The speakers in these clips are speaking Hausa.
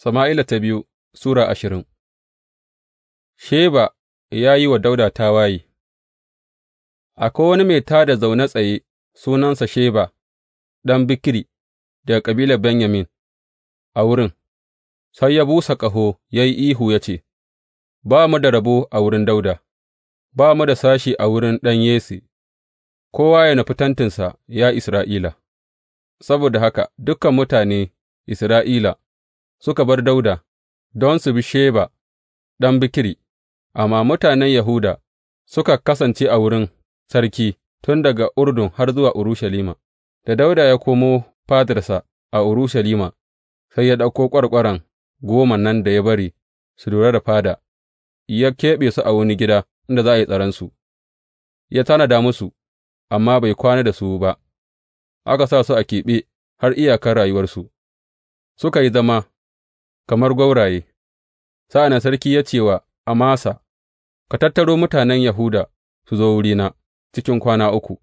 Sama'ila ta biyu Sura ashirin Sheba ya yi wa Dauda tawaye Akwai wani mai tā da zaune tsaye sunansa Sheba ɗan bikiri, daga ƙabila Benyamin a wurin, sai ya busa ƙaho ya yi ihu ya ce, Ba mu da rabo a wurin Dauda, ba mu da sashi a wurin ɗan Yesi, kowa ya nufi tantinsa, ya Isra'ila, saboda haka dukan mutane Isra'ila. suka bar Dawuda don su bi Sheba ɗan Bikri, amma mutanen Yahuda suka kasance a wurin sarki tun daga Urdun har zuwa Urushalima. Da Dawuda ya komo fadarsa a Urushalima, sai ya ɗauko ƙwarƙwaran goma nan da ya bari su lura da fada, ya keɓe su a wani gida inda za a yi tsaransu. ya tanada musu, amma bai kwana da su ba, aka sa su a keɓe har iyakar rayuwarsu, suka yi zama kamar gwauraye. Sa'an nan sarki ya ce wa Amasa, Ka tattaro mutanen Yahuda su zo wurina cikin kwana uku,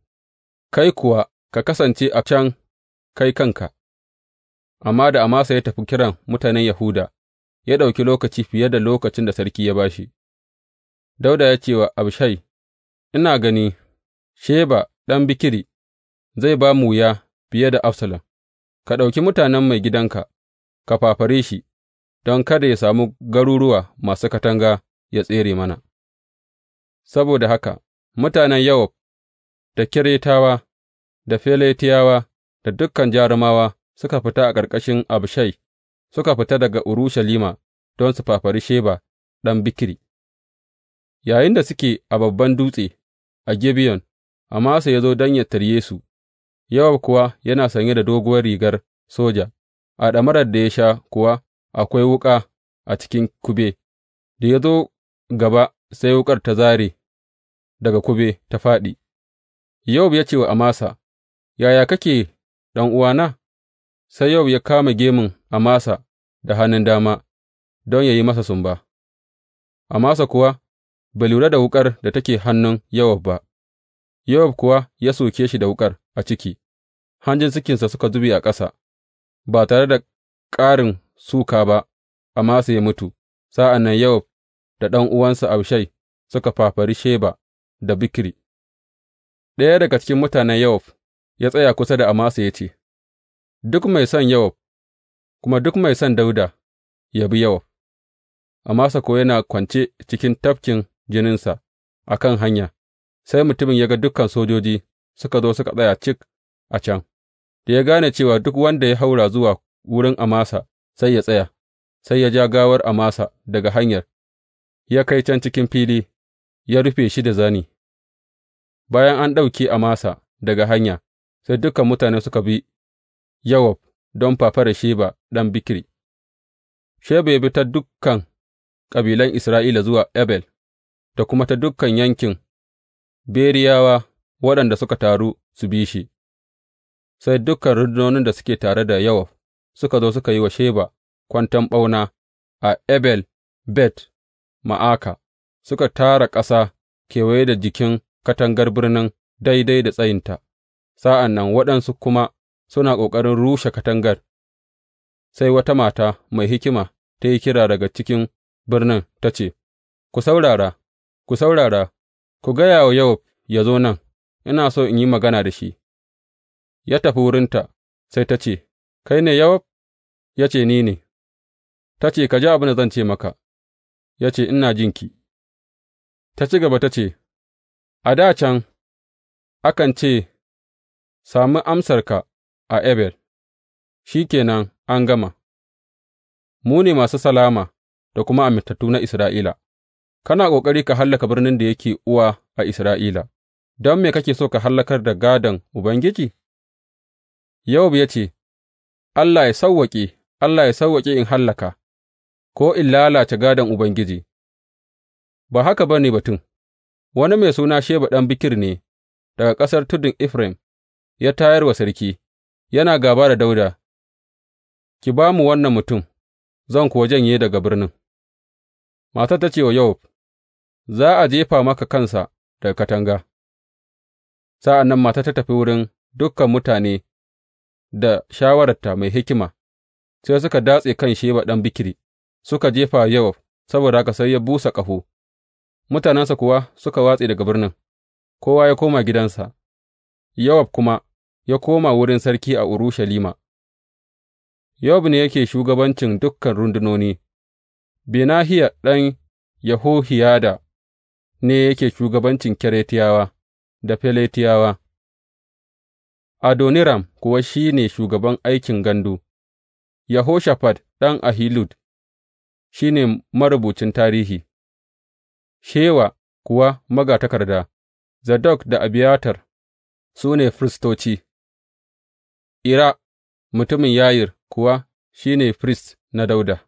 kai kuwa ka kasance a can kai kanka. Amma da Amasa ya tafi kiran mutanen Yahuda, ya ɗauki lokaci fiye da lokacin da sarki ya ba shi. Dauda ya ce wa Abishai, Ina gani, Sheba ɗan Bikiri zai ba mu wuya fiye da Absalom, ka ɗauki mutanen mai gidanka ka fafare shi, don kada yă sami garuruwa masu katanga ya tsere mana, saboda haka mutanen yawab da Keretawa da Feletiyawa da dukkan jarumawa suka fita a ƙarƙashin Abishai, suka fita daga Urushalima don su fafari Sheba ɗan Bikri. da suke a babban dutse a Gibeon, Amasa ya zo don yă tarye su, yawab kuwa yana sanye da doguwar rigar soja, a ɗamarar da ya sha kuwa akwai wuƙa a cikin kube, da ya zo gaba sai wuƙar ta zare daga kube ta fāɗi. Yowab ya ce wa Amasa, Yaya kake, uwana?' Sai Yowab ya kama gemun Amasa da hannun dama don ya yi masa sumba, Amasa kuwa bai lura da wuƙar da take hannun Yowab ba, Yowab kuwa ya soke shi da wuƙar a ciki, hanjin sikinsa suka zube a ƙasa, ba tare da ƙarin suka ba, Amasa ya mutu, sa'an nan Yowab da ɗan'uwansa Abishai suka fafari Sheba da Bikri. Ɗaya daga cikin mutanen Yowab ya tsaya kusa da Amasa ya ce, Duk mai son Yowab, kuma duk mai son Dauda ya bi Yowab. Amasa ko yana kwance cikin tafkin jininsa a kan hanya, sai mutumin ya ga dukan sojoji suka zo suka tsaya cik a can, da ya gane cewa duk wanda ya haura zuwa wurin Amasa sai ya tsaya, sai ya ja gawar Amasa daga hanyar, ya kai can cikin fili, ya rufe shi da zani. Bayan an ɗauke Amasa daga hanya, sai dukan mutane suka bi Yawab don fafarar Sheba ɗan Bikri. Sheba ya bi ta dukan kabilan Isra'ila zuwa Ebel, da kuma ta dukan yankin Beriyawa waɗanda suka taru su bi shi, sai dukan rundunonin da suke tare da Yawab. suka zo suka yi wa Sheba kwanton ɓauna a Ebel Bet Ma'aka, suka tara ƙasa kewaye da jikin katangar birnin daidai da tsayinta, sa'an nan waɗansu kuma suna ƙoƙarin rushe katangar, sai wata mata mai hikima ta yi kira daga cikin birnin ta ce, Ku saurara, ku saurara, ku gaya wa yau ya zo nan, ina so in yi magana da shi. Ya tafi wurinta, sai ta ce, Kai ne Yowab? Ya ce, Ni ne. Ta ce, Ka ji abin da zan ce maka, ya ce, Ina jinki. Ta ci gaba ta ce, A da can, akan ce, Sami amsarka a Ebel, shi kenan an gama, mu ne masu salama da kuma amintattu na Isra'ila, kana ƙoƙari ka hallaka birnin da yake uwa a Isra'ila, don me kake so ka hallakar da gadon Ubangiji? Yowab ya ce, Allah ya sawwaƙe, Allah ya sawwaƙe in hallaka, ko in lalace gādon Ubangiji, ba haka ba ne batun, wani mai suna Sheba ɗan Bikir ne daga ƙasar tudun Efraim ya tayar wa sarki, yana gaba da Dauda, ki ba mu wannan mutum, zan kuwa janye daga birnin. Matar ta ce wa Yowab, Za a jefa maka kansa daga katanga. Sa'an nan mata ta tafi wurin dukkan mutane da shawararta mai hikima, sai suka datse kan Sheba ɗan Bikri, suka jefa wa Yowab, saboda haka sai ya busa ƙaho, mutanensa kuwa suka watse daga birnin, kowa ya koma gidansa, Yowab kuma ya koma wurin sarki a Urushalima. Yowab ne yake shugabancin dukkan rundunoni, Benahiya ɗan Yahohiyada ne yake shugabancin Keretiyawa da Feletiyawa. Adoniram kuwa shi ne shugaban aikin gandu, Yehoshafat ɗan Ahilud shi ne marubucin tarihi, Shewa kuwa magatakarda, Zadok da Abiyatar su ne firistoci, Ira mutumin Yayir kuwa shi ne firist na Dauda.